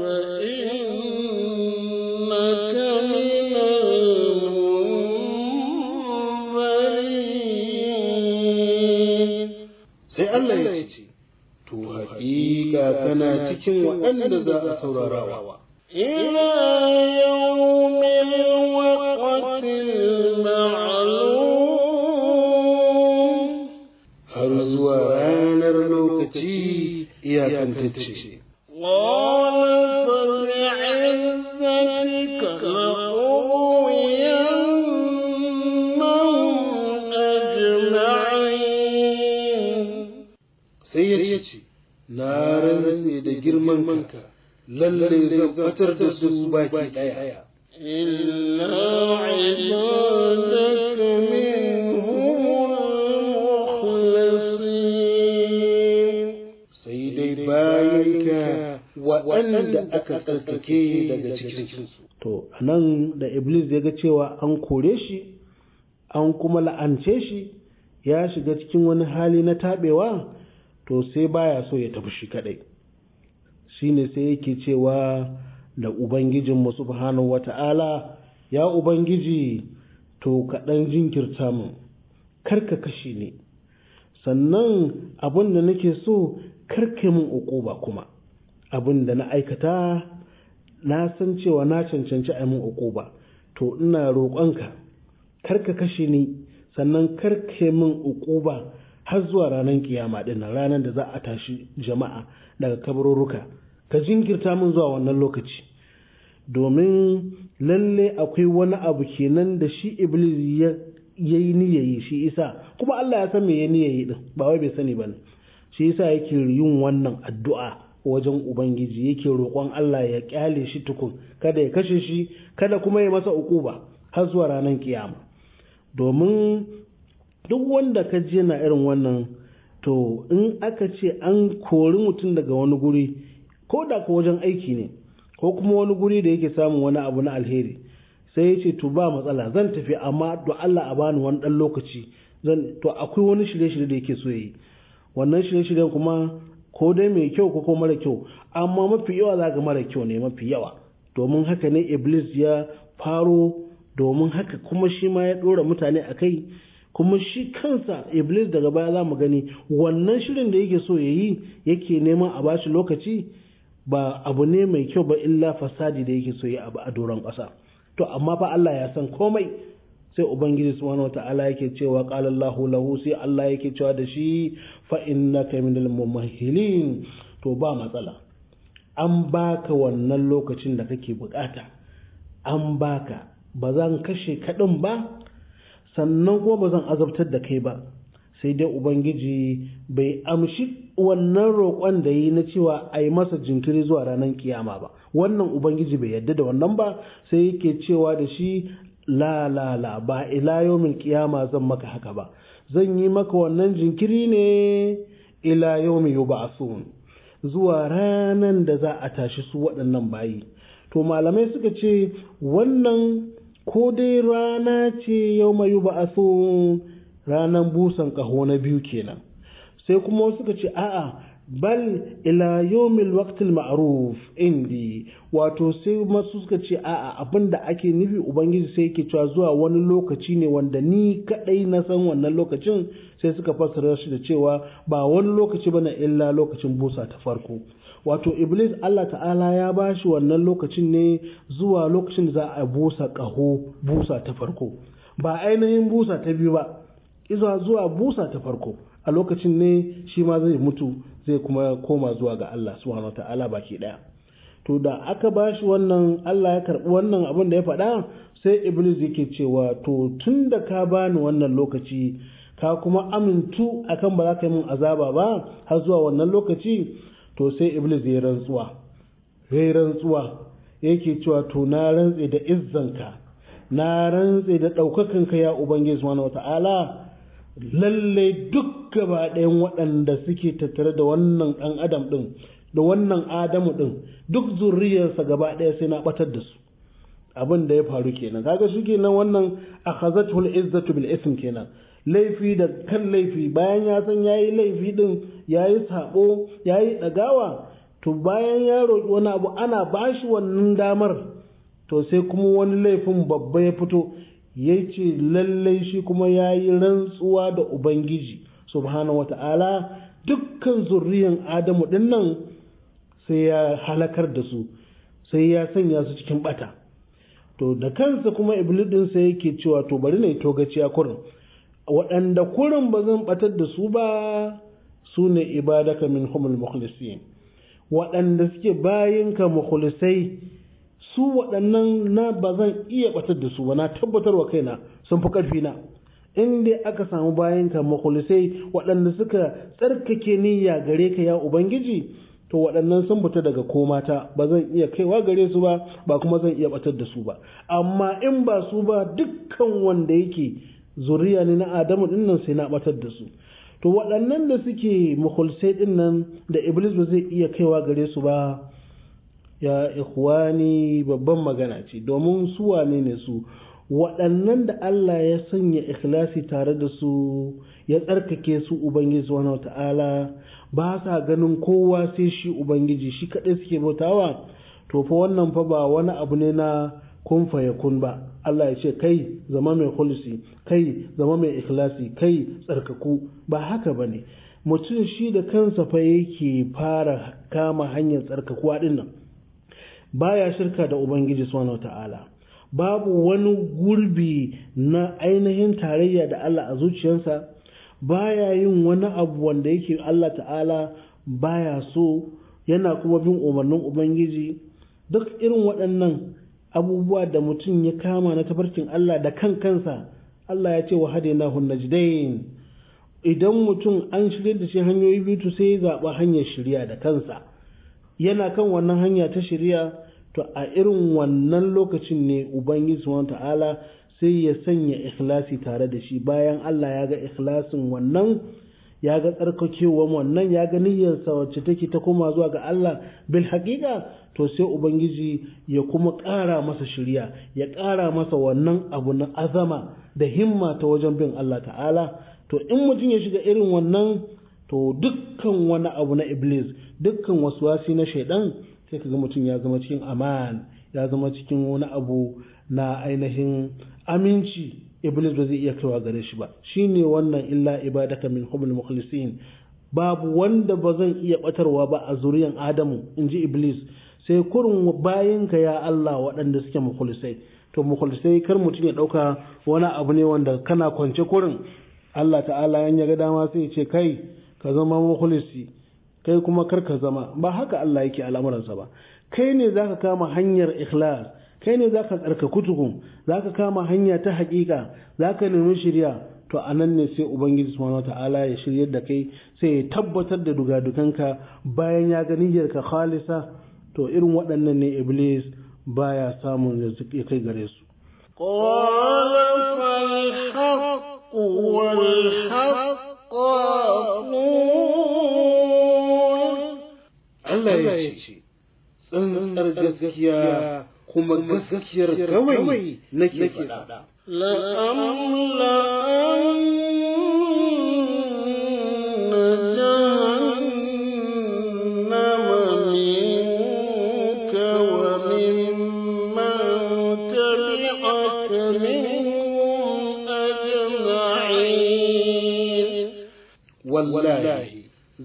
Speaker 13: muna cikin
Speaker 14: waɗanda za a saurarawa. إلى يوم الوقت المعلوم
Speaker 13: هل زوان الرلوكتي يا كنتتشي
Speaker 14: قال فبعزتك لأغوينهم أجمعين
Speaker 13: سيدي لا girman manka lalle zan fatar da su baki daya
Speaker 14: illa ibadaka minhum al-mukhlasin
Speaker 13: sai dai bayanka waɗanda aka tsarkake daga cikinsu to anan da iblis ya ga cewa an kore shi an kuma la'ance shi ya shiga cikin wani hali na taɓewa to sai baya so ya tafi shi kadai shine sai yake cewa da ubangijinmu subhanahu wata'ala ya ubangiji to kaɗan jinkirta mu karka kashi ne sannan abin da nake so karka min uquba kuma abin da na aikata na san cewa na cancanci a min uquba to ina roƙonka karka kashi ni sannan karka min uquba har zuwa ranar kiyama ɗin ranar da za a tashi jama'a daga kabarurruka ka jinkirta min zuwa wannan lokaci domin lalle akwai wani abu kenan da shi iblis ya yi niyayi shi isa kuma Allah ya san me ya niyayi din ba wai bai sani ba ne. shi isa yake yin wannan addu'a wajen ubangiji yake roƙon Allah ya kyale shi tukun kada ya kashe shi kada kuma ya masa ukuba har zuwa ranar kiyama domin duk wanda ka je na irin wannan to in aka ce an kori mutum daga wani guri ko da ko wajen aiki ne ko kuma wani guri da yake samun wani abu na alheri sai yace ce to ba matsala zan tafi amma to Allah a bani wani dan lokaci zan to akwai wani shirye-shirye da yake so yi wannan shirye-shiryen kuma ko dai mai kyau ko mara kyau amma mafi yawa za ga mara kyau ne mafi yawa domin haka ne iblis ya faro domin haka kuma shi ma ya dora mutane a kai kuma shi kansa iblis daga baya za mu gani wannan shirin da yake so ya yi yake neman a bashi lokaci ba abu ne mai kyau ba illa fasadi da yake so abu a doron ƙasa to amma fa Allah ya san komai sai ubangiji subhanahu wata'ala yake cewa qala Allahu lahu sai Allah yake cewa da shi fa innaka minal mumahilin to ba matsala an baka wannan lokacin da kake bukata an baka ba zan kashe kaɗin ba sannan ko ba zan azabtar da kai ba sai dai ubangiji bai amshi wannan roƙon da yi na cewa a yi masa jinkiri zuwa ranar kiyama ba wannan ubangiji bai yadda da wannan ba sai yake cewa da shi la la la ba ila yomin kiyama zan maka haka ba zan yi maka wannan jinkiri ne ila a yub'asun zuwa ranan da za a tashi su waɗannan bayi to malamai suka ce wannan ko dai rana ce yau mai so ranar busan kaho na biyu kenan sai kuma wasu suka ce a'a bal ila yawmil waqtil ma'ruf indi wato sai masu suka ce a'a abinda ake nufi ubangiji sai yake cewa zuwa wani lokaci ne wanda ni kadai na san wannan lokacin sai suka fassara shi da cewa ba wani lokaci bane illa lokacin busa ta farko wato iblis Allah ta'ala ya bashi wannan lokacin ne zuwa lokacin da za a busa kaho busa ta farko ba ainihin busa ta biyu ba izuwa zuwa busa ta farko a lokacin ne shi ma zai mutu zai kuma koma zuwa ga Allah subhanahu ta'ala baki daya to da aka bashi wannan Allah ya karbi wannan abin da ya faɗa sai iblis yake cewa to tun da ka bani wannan lokaci ka kuma amintu akan ba za ka yi min azaba ba har zuwa wannan lokaci to sai iblis ya rantsuwa ya rantsuwa yake cewa to na rantse da izzanka na rantse da ɗaukakanka ya ubangiji subhanahu wata'ala lalle duk gaba ɗayan waɗanda suke tattare da wannan ɗan adam ɗin da wannan adamu ɗin duk zurriyarsa gaba ɗaya sai na ɓatar da su abin da ya faru kenan kaga shi kenan wannan a akhazatul izzatu bil ism kenan laifi da kan laifi bayan ya san yayi laifi din yayi sabo yayi dagawa to bayan ya roki wani abu ana bashi wannan damar to sai kuma wani laifin babba ya fito ya ce lallai shi kuma ya yi rantsuwa da ubangiji subhanahu wata'ala dukkan zurriyan adamu dinnan sai ya halakar da su sai ya sanya su cikin bata to da kansa kuma iblis sai yake cewa to bari na yi a kurin waɗanda kurin ba zan batar da su ba su ne ibadaka min humul mukhlisin waɗanda suke bayinka mukhlisai su waɗannan na ba zan iya batar da su ba na tabbatar wa kaina sun fi ƙarfi na in dai aka samu bayan ka makulisai waɗanda suka tsarkake niyya gare ka ya ubangiji to waɗannan sun fita daga komata ba zan iya kaiwa gare su ba ba kuma zan iya batar da su ba amma in ba su ba dukkan wanda yake zuriya ne na adamu dinnan sai na batar da su to waɗannan da suke makulisai dinnan da iblis ba zai iya kaiwa gare su ba ya ikhwani babban magana ce domin su wane ne su waɗannan da Allah ya sanya ikhlasi tare da su ya tsarkake su ubangiji subhanahu ta'ala ba sa ganin kowa sai shi ubangiji shi kaɗai suke bautawa to fa wannan fa ba wani abu ne na kun fa ba Allah ya ce kai zama mai khulusi kai zama mai ikhlasi kai tsarkaku ba haka bane mutum shi da kansa fa yake fara kama hanyar tsarkakuwa dinnan baya shirka da ubangiji subhanahu ta'ala babu wani gurbi na ainihin tarayya da Allah a zuciyarsa baya yin wani abu wanda yake Allah ta'ala baya so yana kuma bin umarnin ubangiji duk irin waɗannan abubuwa da mutum ya kama na tafarkin Allah da kan kansa Allah ya ce wa na najdain idan mutum an shirya da shi hanyoyi biyu sai ya zaɓa hanyar shirya da kansa yana kan wannan hanya ta shirya to a irin wannan lokacin ne ubangiji wa ta'ala sai ya sanya ikhlasi tare da shi bayan Allah ya ga ikhlasin wannan ya ga tsarkakewan wannan ya ga niyyarsa wacce take ta koma zuwa ga Allah bil haƙiƙa to sai ubangiji ya kuma ƙara masa shirya ya ƙara masa wannan abu na azama da himma ta wajen bin Allah ta'ala to in mutum ya shiga irin wannan to dukkan wani abu na iblis dukkan wasi na shaidan sai ka ga mutum ya zama cikin aman ya zama cikin wani abu na ainihin aminci iblis ba zai iya kaiwa gare shi ba shine wannan illa ibadaka min humul mukhlisin babu wanda ba zan iya batarwa ba a zuriyan adamu in ji iblis sai kurin bayinka ya allah waɗanda suke mukhlisai to mukhlisai kar mutum ya ɗauka wani abu ne wanda kana kwance kurin allah ta'ala yan ya ga dama sai ce kai ka zama mukhlisi kai kuma kar ka zama ba haka Allah yake al'amuransa ba kai ne zaka kama hanyar ikhlas kai ne zaka tsarka kutukun zaka kama hanya ta hakika zaka nemi shirya to a nan ne sai ubangiji subhanahu ta'ala ya shirya da kai sai ya tabbatar da dugadukanka bayan ya ga niyyarka khalisa to irin waɗannan ne iblis baya samun ya kai gare su
Speaker 14: قال فالحق والحق تخافون
Speaker 13: الله يشي tsantsar gaskiya kuma gaskiyar kawai nake faɗa.
Speaker 14: La'amla'an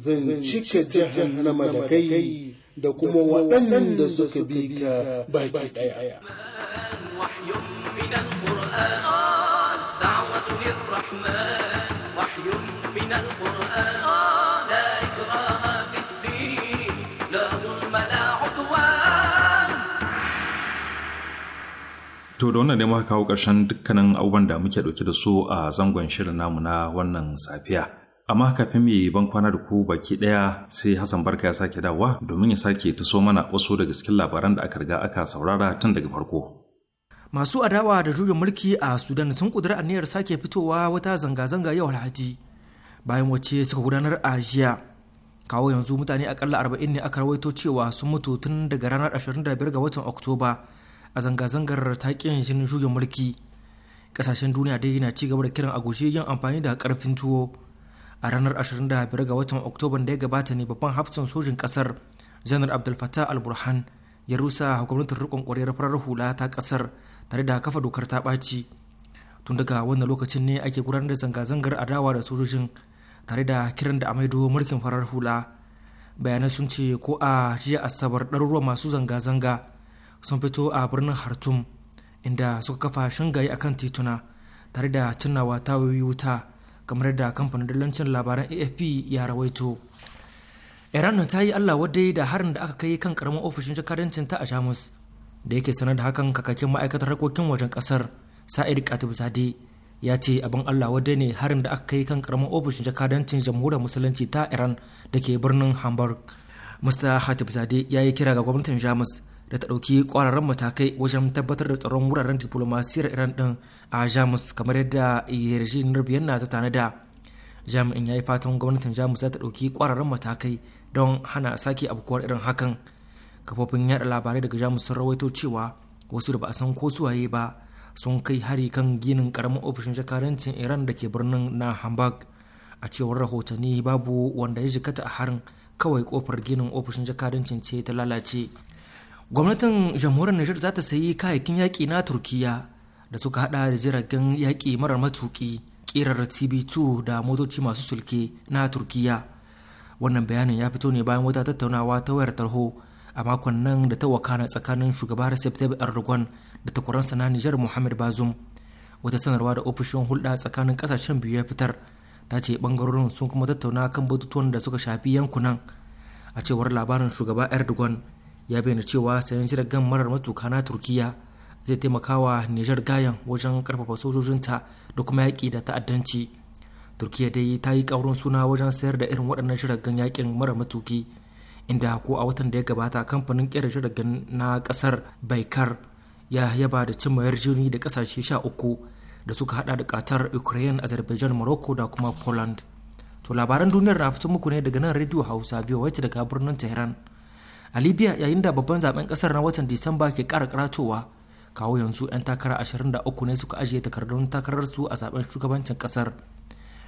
Speaker 13: zancika cike jahannama da kai da kuma da suka bi ka baki ɗaya.
Speaker 1: To da wannan muka kawo ƙarshen dukkanin abubuwan da muke ɗauke da su a zangon shirin namu na wannan safiya. amma kafin mai ban kwana da ku baki ɗaya sai Hassan Barka ya sake dawowa domin ya sake taso mana wasu daga cikin labaran da aka riga aka saurara tun daga farko.
Speaker 2: Masu adawa da juyin mulki a Sudan sun kudura aniyar sake fitowa wata zanga-zanga yau Lahadi bayan wace suka gudanar a jiya. kawo yanzu mutane akalla arba'in ne aka rawaito cewa sun mutu tun daga ranar 25 ga watan oktoba a zanga-zangar taƙin shirin shugin mulki ƙasashen duniya dai na ci gaba da kiran agushi yin amfani da ƙarfin tuwo a ranar 25 ga watan oktoban da ya gabata ne babban hafsan sojin kasar janar abdul fatah al-burhan ya rusa gwamnatin rikon kwarar farar hula ta kasar tare da kafa dokar ta ɓaci tun daga wannan lokacin ne ake gudanar da zanga-zangar adawa da sojojin tare da kiran da amaido mulkin farar hula bayanai sun ce ko a jiya asabar ɗaruruwa masu zanga-zanga sun fito a birnin hartum inda suka kafa shingaye akan tituna tare da cinnawa ta wuta kamar da kamfanin dalilancin labaran afp ya rawaito iran ta yi allah wadai da harin da aka kai kan karamin ofishin jakadancin ta a jamus da yake sanar da hakan kakakin ma'aikatar harkokin wajen kasar sa'id katib zade ya ce abin allah wadai ne harin da aka kai kan karamin ofishin jakadancin jamhuriyar musulunci ta iran da ke birnin hamburg mr hatib zade ya yi kira ga gwamnatin jamus da ta ɗauki ƙwararren matakai wajen tabbatar da tsaron wuraren diplomasiyar iran ɗin a jamus kamar yadda yarjejeniyar biyanna ta tanada jami'in ya yi fatan gwamnatin jamus za ta ɗauki ƙwararren matakai don hana sake abkuwar irin hakan kafofin yaɗa labarai daga jamus sun rawaito cewa wasu da ba a san ko suwaye ba sun kai hari kan ginin karamin ofishin jakarancin iran da ke birnin na hamburg a cewar rahotanni babu wanda ya jikata a harin kawai kofar ginin ofishin jakadancin ce ta lalace gwamnatin jamhuriyar niger za ta sayi kayayyakin yaƙi na turkiya da suka hada da jiragen yaƙi marar matuki ƙirar tb2 da motoci masu sulke na turkiya wannan bayanin ya fito ne bayan wata tattaunawa ta wayar tarho a makon nan da ta wakana tsakanin shugaba recep tayyip erdogan da takwaransa na niger muhammad bazum wata sanarwa da ofishin hulɗa tsakanin ƙasashen biyu ya fitar ta ce ɓangarorin sun kuma tattauna kan batutuwan da suka shafi yankunan a cewar labarin shugaba erdogan ya bayyana cewa sayan jiragen marar matuka na turkiya zai taimakawa nijar gayan wajen karfafa sojojinta da kuma yaƙi da ta'addanci turkiya dai ta yi ƙaurin suna wajen sayar da irin waɗannan jiragen yaƙin marar matuki inda ko a watan da ya gabata kamfanin ƙera jiragen na ƙasar baikar ya yaba da cimma jini da ƙasashe sha uku da suka hada da qatar ukraine azerbaijan morocco da kuma poland to labaran duniyar na fito muku ne daga nan radio hausa biyu wacce daga birnin tehran a libya yayin da babban zaben kasar na watan disamba ke kara karatowa kawo yanzu 'yan takara 23 ne suka ajiye takardun takararsu a zaben shugabancin kasar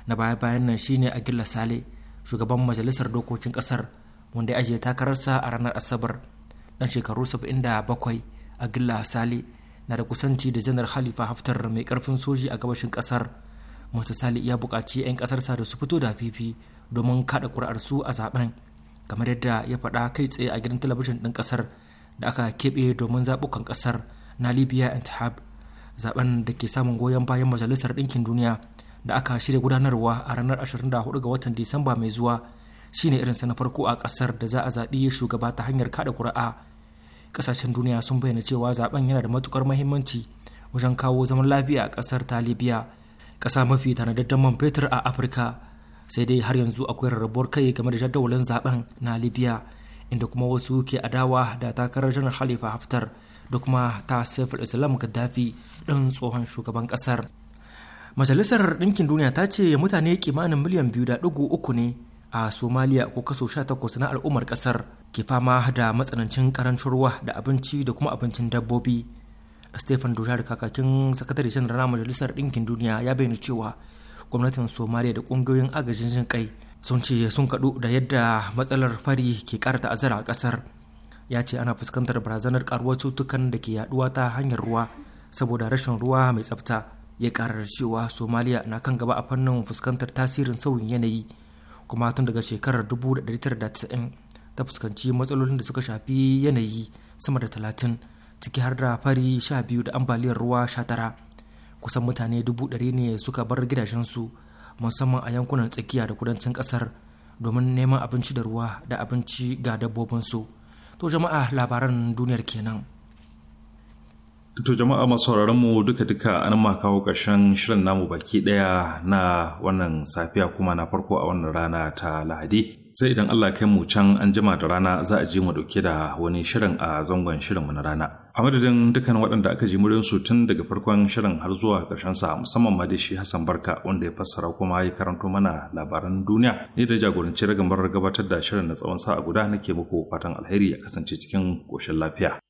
Speaker 2: na baya bayan nan shine agila sale shugaban majalisar dokokin kasar wanda ya ajiye takararsa a ranar asabar dan shekaru 77 agila sale na da kusanci da janar halifa haftar mai karfin soji a gabashin kasar masu sale ya buƙaci 'yan kasarsa da su fito da fifi domin kada ƙuri'arsu a zaben kamar yadda ya faɗa kai tsaye a gidan talabijin ɗin ƙasar da aka keɓe domin zaɓukan ƙasar na libya intihab zaben da ke samun goyon bayan majalisar ɗinkin duniya da aka shirya gudanarwa a ranar 24 ga watan disamba mai zuwa shine irin sa na farko a ƙasar da za a zaɓi shugaba ta hanyar kaɗa ƙuri'a ƙasashen duniya sun bayyana cewa zaben yana da matukar mahimmanci wajen kawo zaman lafiya a ƙasar ta libya ƙasa mafi tanadaddan man fetur a afirka sai dai har yanzu akwai rarrabuwar kai game da jadawalin zaben na libya inda kuma wasu ke adawa da takarar janar halifa haftar da kuma ta saifar islam gaddafi ɗin tsohon shugaban ƙasar majalisar ɗinkin duniya ta ce mutane kimanin miliyan biyu da ɗigo uku ne a somaliya ko kaso sha takwas na al'ummar ƙasar ke fama da matsanancin karancin ruwa da abinci da kuma abincin dabbobi stephen dujar kakakin sakatare janar na majalisar ɗinkin duniya ya bayyana cewa gwamnatin somaliya da kungiyoyin agajin jin kai sun ce sun kaɗu da yadda matsalar fari ke ta ta'azzara a ƙasar ya ce ana fuskantar barazanar karuwar cutukan da ke yaduwa ta hanyar ruwa saboda rashin ruwa mai tsafta ya karar cewa somaliya na kan gaba a fannin fuskantar tasirin sauyin yanayi kuma tun daga shekarar da 1990 ta fuskanci matsalolin da suka shafi yanayi sama da talatin ciki har da fari 12 da ambaliyar ruwa tara. kusan mutane dubu ɗari ne suka bar gidajensu musamman a yankunan tsakiya da kudancin ƙasar domin neman abinci da ruwa da abinci ga dabbobinsu to jama'a labaran duniyar kenan
Speaker 1: to jama'a masu mu duka duka an ma kawo ƙarshen shirin namu baki ɗaya na wannan safiya kuma na farko a wannan rana ta lahadi sai idan allah kai mu can an jima da rana za a je mu ɗauke da wani shirin a zangon shirinmu na rana a madadin dukkan waɗanda aka ji su tun daga farkon shirin har zuwa ƙarshen sa musamman ma da shi hassan barka wanda ya fassara kuma ya karanto mana labaran duniya ni da jagoranci ragamar gabatar da shirin na tsawon sa'a guda nake muku fatan alheri ya kasance cikin koshin lafiya